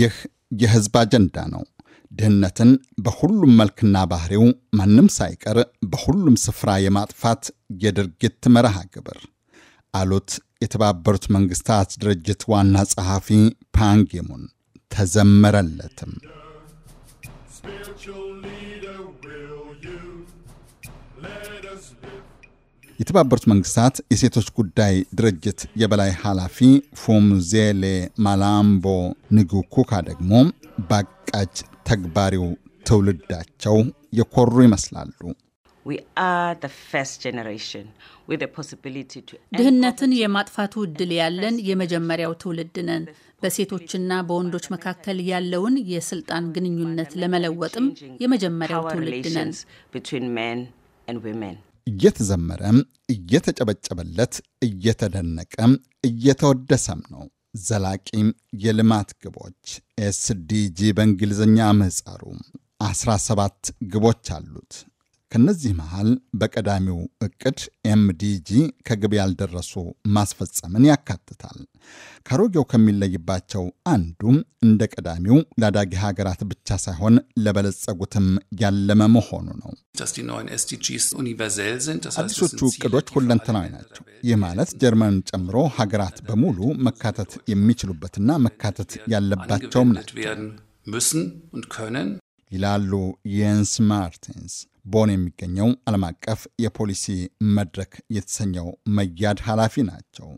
ይህ የህዝብ አጀንዳ ነው። ድህነትን በሁሉም መልክና ባህሪው ማንም ሳይቀር በሁሉም ስፍራ የማጥፋት የድርጊት መርሃ ግብር አሉት የተባበሩት መንግስታት ድርጅት ዋና ጸሐፊ ፓንኪሙን። ተዘመረለትም። የተባበሩት መንግስታት የሴቶች ጉዳይ ድርጅት የበላይ ኃላፊ ፉምዜሌ ማላምቦ ንጉኩካ ደግሞ ባቃጭ ተግባሪው ትውልዳቸው የኮሩ ይመስላሉ። ድህነትን የማጥፋቱ እድል ያለን የመጀመሪያው ትውልድ ነን። በሴቶችና በወንዶች መካከል ያለውን የስልጣን ግንኙነት ለመለወጥም የመጀመሪያው ትውልድ ነን። እየተዘመረ እየተጨበጨበለት እየተደነቀ እየተወደሰም ነው። ዘላቂም የልማት ግቦች ኤስዲጂ በእንግሊዝኛ ምህጻሩ 17 ግቦች አሉት። ከነዚህ መሃል በቀዳሚው እቅድ ኤምዲጂ ከግብ ያልደረሱ ማስፈጸምን ያካትታል። ከአሮጌው ከሚለይባቸው አንዱ እንደ ቀዳሚው ላዳጊ ሀገራት ብቻ ሳይሆን ለበለጸጉትም ያለመ መሆኑ ነው። አዲሶቹ እቅዶች ሁለንተናዊ ናቸው። ይህ ማለት ጀርመንን ጨምሮ ሀገራት በሙሉ መካተት የሚችሉበትና መካተት ያለባቸውም ናቸው ይላሉ የንስ ማርቲንስ ቦን የሚገኘው ዓለም አቀፍ የፖሊሲ መድረክ የተሰኘው መያድ ኃላፊ ናቸው።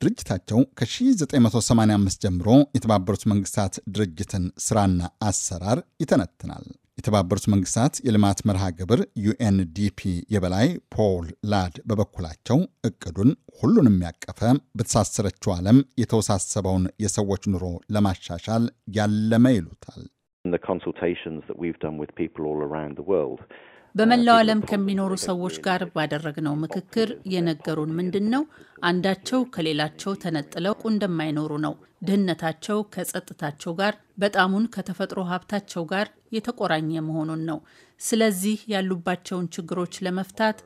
ድርጅታቸው ከ1985 ጀምሮ የተባበሩት መንግስታት ድርጅትን ስራና አሰራር ይተነትናል። የተባበሩት መንግስታት የልማት መርሃ ግብር ዩኤንዲፒ የበላይ ፖል ላድ በበኩላቸው እቅዱን ሁሉንም ያቀፈ በተሳሰረችው ዓለም የተወሳሰበውን የሰዎች ኑሮ ለማሻሻል ያለመ ይሉታል። በመላው ዓለም ከሚኖሩ ሰዎች ጋር ባደረግነው ምክክር የነገሩን ምንድን ነው? አንዳቸው ከሌላቸው ተነጥለው እንደማይኖሩ ነው። ድህነታቸው ከጸጥታቸው ጋር በጣሙን ከተፈጥሮ ሀብታቸው ጋር የተቆራኘ መሆኑን ነው። ስለዚህ ያሉባቸውን ችግሮች ለመፍታት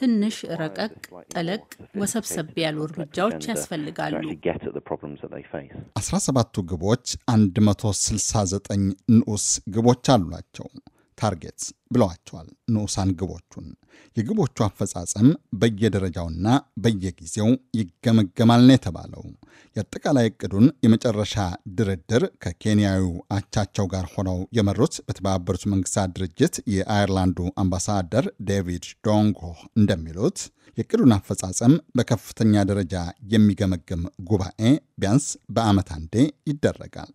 ትንሽ ረቀቅ፣ ጠለቅ፣ ወሰብሰብ ያሉ እርምጃዎች ያስፈልጋሉ። 17ቱ ግቦች 169 ንዑስ ግቦች አሏቸው። ታርጌትስ ብለዋቸዋል ንዑሳን ግቦቹን። የግቦቹ አፈጻጸም በየደረጃውና በየጊዜው ይገመገማል ነው የተባለው። የአጠቃላይ እቅዱን የመጨረሻ ድርድር ከኬንያዊ አቻቸው ጋር ሆነው የመሩት በተባበሩት መንግስታት ድርጅት የአየርላንዱ አምባሳደር ዴቪድ ዶንጎ እንደሚሉት የእቅዱን አፈጻጸም በከፍተኛ ደረጃ የሚገመግም ጉባኤ ቢያንስ በዓመት አንዴ ይደረጋል።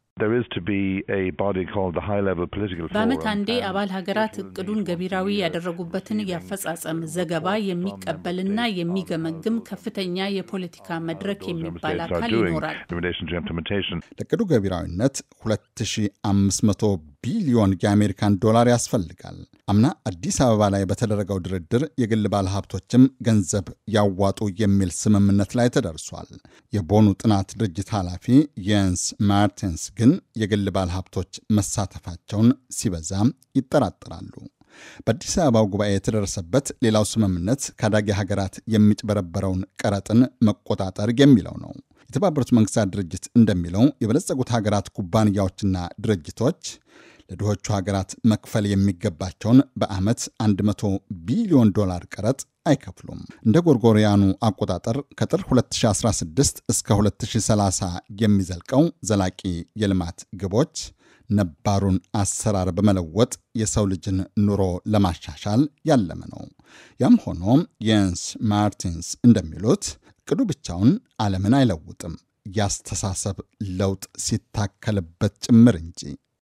በዓመት አንዴ አባል ሀገራት እቅዱን ገቢራዊ ያደረጉበትን የአፈጻጸም ዘገባ የሚቀበልና የሚገመግም ከፍተኛ የፖለቲካ መድረክ የሚባል አካል ይኖራል። ለቅዱ ገቢራዊነት 2500 ቢሊዮን የአሜሪካን ዶላር ያስፈልጋል። አምና አዲስ አበባ ላይ በተደረገው ድርድር የግል ባለሀብቶችም ገንዘብ ያዋጡ የሚል ስምምነት ላይ ተደርሷል። የቦኑ ጥናት ድርጅት ኃላፊ የንስ ማርቲንስ ግን የግል ባለሀብቶች መሳተፋቸውን ሲበዛ ይጠራጠራሉ። በአዲስ አበባው ጉባኤ የተደረሰበት ሌላው ስምምነት ከአዳጊ ሀገራት የሚጭበረበረውን ቀረጥን መቆጣጠር የሚለው ነው። የተባበሩት መንግስታት ድርጅት እንደሚለው የበለጸጉት ሀገራት ኩባንያዎችና ድርጅቶች ለድሆቹ ሀገራት መክፈል የሚገባቸውን በዓመት 100 ቢሊዮን ዶላር ቀረጥ አይከፍሉም። እንደ ጎርጎሪያኑ አቆጣጠር ከጥር 2016 እስከ 2030 የሚዘልቀው ዘላቂ የልማት ግቦች ነባሩን አሰራር በመለወጥ የሰው ልጅን ኑሮ ለማሻሻል ያለመ ነው። ያም ሆኖ የንስ ማርቲንስ እንደሚሉት እቅዱ ብቻውን ዓለምን አይለውጥም፣ ያስተሳሰብ ለውጥ ሲታከልበት ጭምር እንጂ።